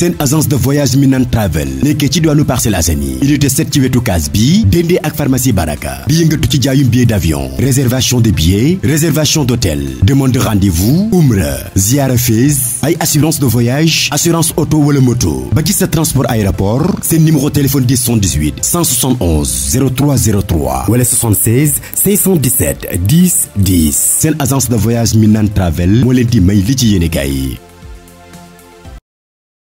seen agence de voyage Minan Travel nekkee ci diwaanu Parcelles Assainies unité 7 ci wetu kaas bi dendee ak pharmacie Baraka bi yëngatu ci jaayum billet d'avion réservation de billets réservation d'hôtel demande de rendez-vous umra ziara Fès ay assurance de voyage assurance auto wala moto ba ci sa transport aéroport seen numéro téléphone di 78 171 0303 wala 76 517 10 10 seen agence de voyage Minan Travel moo leen di may li ci yéene kaay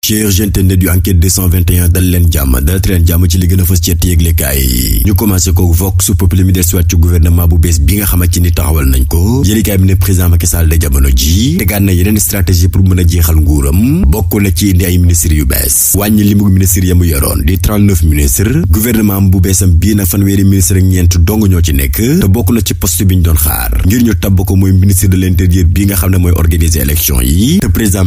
cher jentenet yu enquête 221 leen jàmm dalati leen jàmm ci li gën a fës ci yëglekaay yi ñu commencé ko vox populi mi del ci gouvernement bu bees bi nga xamante ni taxawal nañ ko yëglekaay bi ne président Macky Sall de jamono ji tegaat na yeneen stratégie pour mën a jeexal nguuram bokk na ci indi ay ministre yu bees wàññi limu ministres ya mu yoroon di 39 ministres gouvernement bu beesam bii nag fanweeri ministre ak dong ñoo ci nekk te bokk na ci ñu doon xaar ko mooy ministre de l'intérieur nga xam ne mooy organiser élection yi te président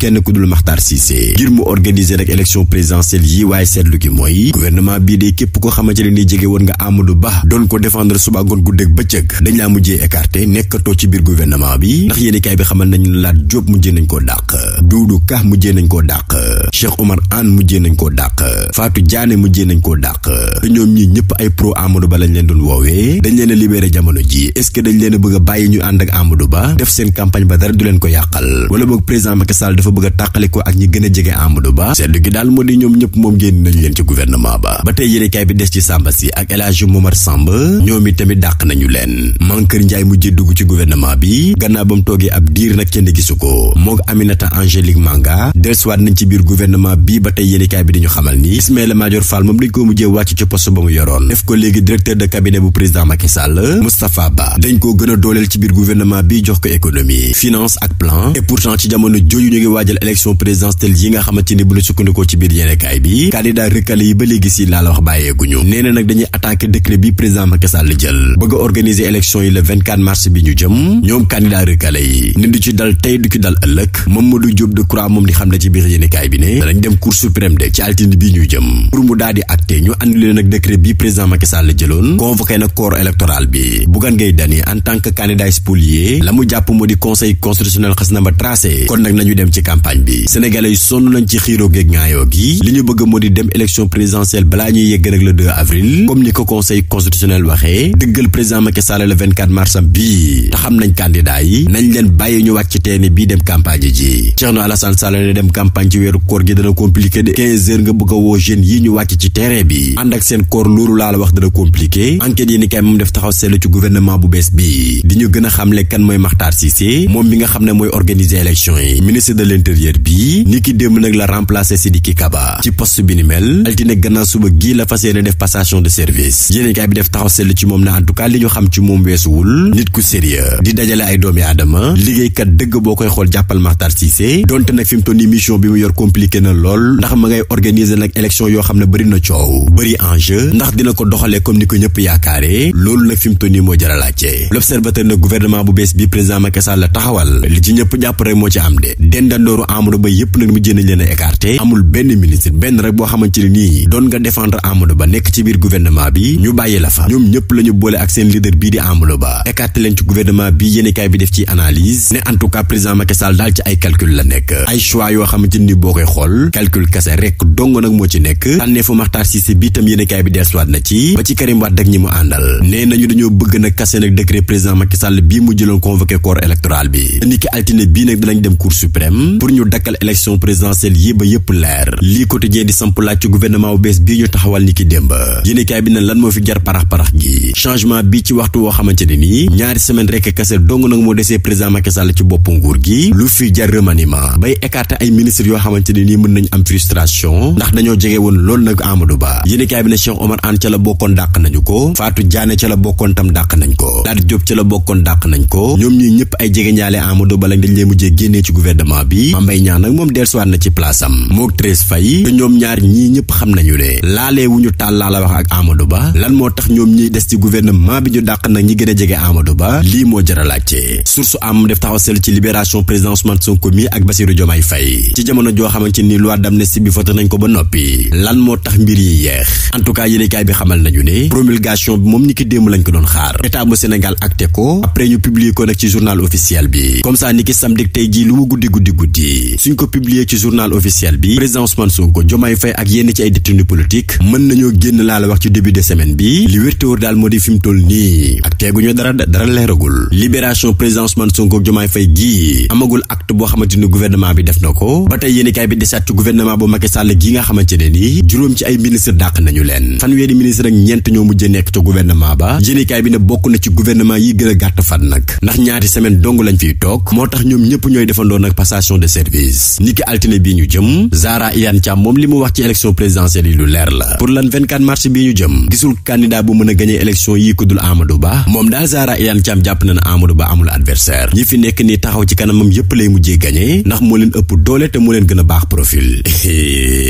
kenn ku dul Makhtar Cissé ngir mu organiser rek élection présidentielle yi waaye seetlu gi mooy gouvernement bii de képp ko xamante ne ni jege woon nga Amadou Ba doon ko défendre suba ngoon guddeeg bëccëg dañ laa mujjee écarté nekkatoo ci biir gouvernement bi ndax yéenekaay bi xamal nañu ne Lat Diop mujjee nañ koo dàq Doudou Ka mujjee nañ koo dàq Cheikh Omar Anne mujjee nañ koo dàq Fatou Diané mujjee nañ koo dàq te ñoom ñi ñëpp ay pro Amadou Ba lañ leen doon woowee dañ leen a libéré jamono ji est-ce leen a bëgg a bàyyi ñu ànd campagne ba dara du leen ko yàqal wala boog président Macky dafa bëgg a tàqalikoo ak ñi gën a jege Amadou Ba seetlu gi daal moo di ñoom ñëpp moom génn nañ leen ci gouvernement ba ba tey yéenekaay bi des ci Samba si ak El Momar Samb ñoom itamit dàq nañu leen Mankeur Ndiaye mujjee dugg ci gouvernement bi gannaaw ba mu toogee ab diir biir gouvernement bi ba tey yéenekaay bi dañu xamal ni Ismaïla Madior Fall moom dañ ko mujjee wàcc ci poste ba mu yoroon def ko léegi directeur de cabinet bu président Macky Sall Ba dañ ko gën dooleel ci biir gouvernement bi jox ko économie finance ak présidentielle yi nga xamante ni bu ñu sukkandikoo ci biir yéenekaay bi candidat recalé yi ba léegi si laa la wax bàyyeeguñu nee na nag dañuy attaquer décret bi président Macky jël bëgg a organiser yi le mars bi ñu jëm ñoom candidat recalé yi ne du ci dal tey du ci dal ëllëg Mamadou Diop Decroix moom di xam ne ci biir yéenekaay bi ne danañ dem cour suprême de ci altine bi ñu jëm pour mu daal di acté ñu annulé nag décret bi président Macky sénégalais yi sonn nañ ci xiiroo géeg ngaayoo gi li ñu bëgg moo di dem élection présidentielle balaa ñuy yegg rek le avril comme conseil constitutionnel waxee dëggal président Macky Sall le 24 mars am bii te yi nañ leen bàyyi ñu wàcc teeni bii dem campagne ji Thierno Alassane Sall ne dem campagne ci weeru koor gi dana compliqué de 15 heures nga bëgg a woo jeunes yi ñu wàcc ci terrain bi ànd ak seen koor loolu laa la wax dana compliqué enquête yi bi di ñu gën a xamle moom mi nga xam ne mooy organiser élection yi ministre de l'intérieur ni ki démb nag la remplacer Sidiki Kaba ci poste bi ni mel altine gannaaw suba gii la fas yéene def passation de service yéenekaay bi def taxaw seetlu ci moom na en tout cas li ñu xam ci moom weesuwul nit ku sérieux di dajale ay doomi aadama liggéeykat dëgg boo koy xool jàppal Makhtar Cissé donte nag fi mu toll nii mission bi mu yor compliqué na lool ndax ma ngay organiser nag élection yoo xam ne bëri na coow bëri enjeu ndax dina ko doxalee comme ni ko ñëpp yaakaare loolu nag fi mu nii moo jara laajte l'observateur bu bees bi président Macky Sall la taxawal li ñëpp jàpp moo ci am de dendandooru Ba yëpp yëpp nag mu jénnañ leen ne nii président Macky Sall daal ci ay calcul la nekk ay choix yoo xamante boo koy xool calcul kese rek dong nag moo ci nekk tànneefu Makhtar Cissé bi tam yéenekaay bi dellusiwaat na ci ba ci Karim Wade ak ñi mu àndal nee nañu dañoo bëgg nag kase nag décret président Macky Sall bii mu jëloon convoqué corps électoral bi ni altine bii nag danañ dem cour suprême pour ñu dakkal élection élection présidentielle yi ba yëpp leer lii quotidien di samp laaj ci gouvernement bu bees bii ñu taxawal ni ki démb yéenekaay bi na lan moo fi jar parax-parax gi changement bi ci waxtu woo xamante ne nii ñaari semaine rekk kase dong nag moo desee président Macky Sall ci bopp nguur gi lu fi jar remaniement bay écarter ay ministres yoo xamante ne nii mën nañ am frustration ndax dañoo jege woon loolu nag Amadou Ba yéenekaay bi ne Cheikh Omar Anne ca la bokkoon dàq nañu ko Fatou Diané ca la bokkoon tam nañ ko Lat Diop ca la bokkoon dàq nañ ko ñoom ñii ñëpp ay jege ñaale Amadou Ba lañ dañ leen mujjee génnee ci gouvernement bi dellusiwaat na ci place am mook Thérèse Faye te ñoom ñaar ñii ñëpp xam nañu ne laalee wu ñu tàll laa la wax ak Amadou Ba lan moo tax ñoom ñiy des ci gouvernement bi ñu dàq nag ñi gën a jege Amadou Ba lii moo jar a laajte am def taxaw sel ci libération président Ousmane Sonko ak Bassirou Diomaye Faye ci jamono joo xamante ni loi d'amnistie bi voté nañ ko ba noppi lan moo tax mbir yi yeex en tout cas yéenekaay bi xamal nañu ne promulgation bi moom ko doon xaar état ñu ko nag bi comme publier ci journal officiel bi ak yenn ci ay détenu politique mën nañoo génn laa wax ci début de semaine bi li wér daal moo di mu toll nii boo xamante ni gouvernement bi def na ko ba tey yéeni bi desaat ci gouvernement bu Macky Sall gi nga xamante ne ni juróom ci ay ministre dàq nañu leen fanweeri ministre ak ñeent ñoo mujj nekk ca gouvernement ba yéenikaay bi ne bokk na ci gouvernement yi gën a gàtt fan nag ndax ñaari semaine dong lañ fiy toog moo tax niki altine bii ñu jëm Zahra Iyane Thiam moom li mu wax ci élection présidentielle yi lu leer la pour lan 24 mars bi ñu jëm gisul candidat bu mën a gañe élection yi ku dul Amadou Ba moom daal Zahra Iyane Thiam jàpp na ne Amadou Ba amul adversaire ñi fi nekk nii taxaw ci kanamam yépp lay mujjee gañe ndax moo leen ëpp doole te moo leen gën a baax profil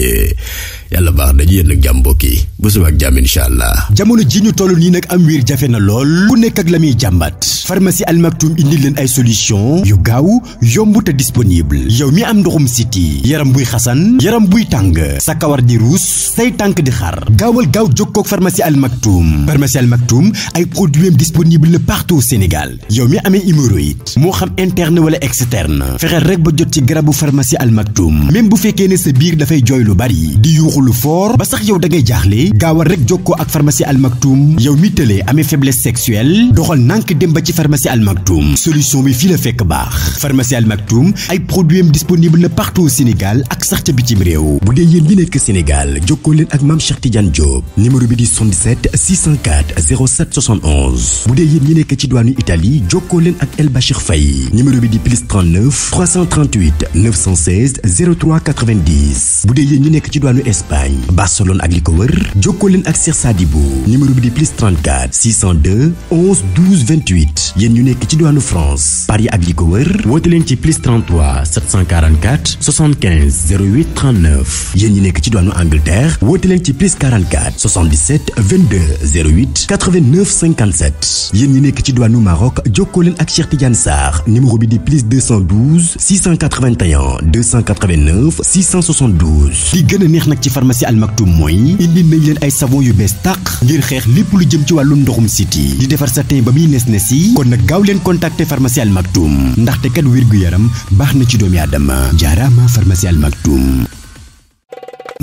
yàlla baax dañu yéen ak jàmm mbokk yi bu subak jàmm incha allah jamono jii ñu toll nii nag am wiir jafe na lool ku nekk ak la muy jàmbat pharmacie Al Maktoum indi leen ay solution yu gaaw yomb te disponible yow mi am ndoxum siti yaram buy xasan yaram buy tàng sa kawar di ruus say tànk di xar gaawal gaaw jokkook pharmacie Al Maktoum pharmacie Al Maktoum ay produits disponible na partout Sénégal yow mi amee hémorroïde moo xam interne wala externe fexeel rek ba jot ci garabu pharmacie Al Maktoum même bu fekkee ne sa biir dafay jooy lu bari di yuuxu lu fort ba sax yow da ngay jaaxle gaawal rek jokkoo ak pharmacie Al Maktoum yow mi tëlee amee faiblesse sexuelle doxal nànk dem ba ci pharmacie Al Maktoum solution bi fii la fekk baax pharmacie Al Maktoum ay produits am disponible na partout Sénégal ak sax ca bitim réew bu dee yéen ñi nekk Sénégal jokkoo leen ak maam Cheikh Tidiane Diop numéro bi di 77 604 07 71 nekk ci diwaanu Italie jokkoo leen ak El Bachir Faye numéro bi di plus 39 338 916 03 90 bu dee yéen ñi nekk ci diwaanu Espagne Barcelone ak li ko wër jokkoo leen ak Cheikh Sadibou numéro bi di plus 34 602 11 12 28 match ñu nekk ci diwaanu France Paris ak li ko wër woote leen ci plus 33 744 75 08 39 yéen ñu nekk ci diwaanu Angleterre woote leen ci plus 44 77 22 08 89 57 yéen ñu nekk ci diwaanu Maroc jokkoo leen ak Cheikh Tidiane Sarr numéro bi di plus 212 681 289 672 li gën a neex nag ci pharmacie Al Maktoum mooy indi nañ leen ay savon yu bees taq ngir xeex lépp lu jëm ci wàllum ndoxum siti di defar sa teen ba muy nes nes yi kon nag gaaw leen contacter pharmacie Al Maktoum ndaxte kat wér gu yaram baax na ci doomi aadama jaaraama pharmacie Al Maktoum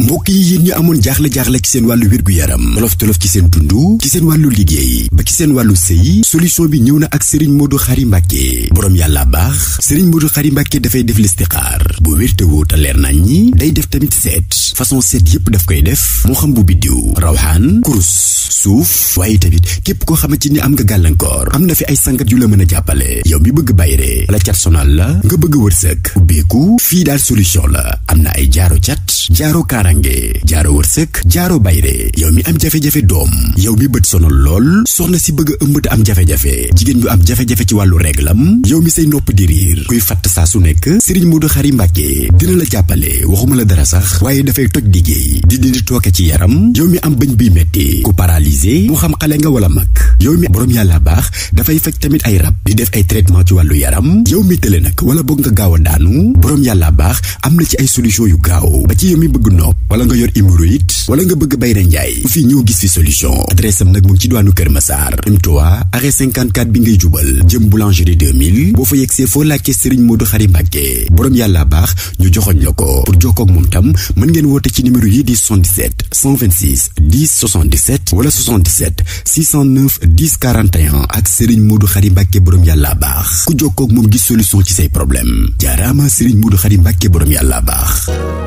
mbokk yi yéen ñu amoon jaaxle-jaaxle ci seen wàllu wér-gu-yaram tolof-tolof ci seen dund ci seen wàllu liggéey ba ci seen wàllu sëy solution bi ñëw na ak sëriñ Modou Khary Mbacké boroom yàlla baax sëriñ Modou xari Mbacké dafay def listixaar bu wérte woo te leer nañ ñi day def tamit seet façon seet yépp daf koy def moo xam bu biddiw rawxaan kurus suuf waaye tamit képp koo xamante ni am nga gàllankoor am na fi ay sangat yu la mën a jàppale yow mi bëgg bayre la cat sonal la nga bëgg wërsëg ubbeeku fii daal solution la am na ay jaaro cat jaaro kaara kaaraange jaaro wërsëg jaaro bayre yow mi am jafe-jafe doom yow mi bët sonal lool soxna si bëgg a ëmb te am jafe-jafe jigéen bu am jafe-jafe ci wàllu réglam yow mi say nopp di riir kuy fatt saa su nekk Serigne Modou Khary Mbacké dina la jàppale waxuma la dara sax waaye dafay toj liggéey di dindi tooke ci yaram yow mi am bëñ biy metti ku paralysé mu xam xale nga wala mag yow mi boroom yàlla baax dafay faj tamit ay rab di def ay traitement ci wàllu yaram yow mi tële nag wala boog nga gaaw a daanu boroom yàlla baax am na ci ay solution yu gaaw ba ci mi bëgg wala nga yor hémorroïde wala nga bëgg bayra njaay fii ñëw gis fi solution adresse am nag mu ngi ci diwaanu Kër Massar M3 arrêt 54 bi ngay jubal jëm boulangerie 2000 boo fa yegsee foo laajte Serigne Modou Khary Mbacké boroom yàlla baax ñu joxoñ la ko pour jokkoo ak moom tam mën ngeen woote ci numéro yi di 77 126 10 77 wala 77 609 10 41 ak Serigne Modou Khary Mbacké boroom yàlla baax ku jokkoo ak moom gis solution ci say problème jaaraama Serigne Modou Khary Mbacké boroom yàlla baax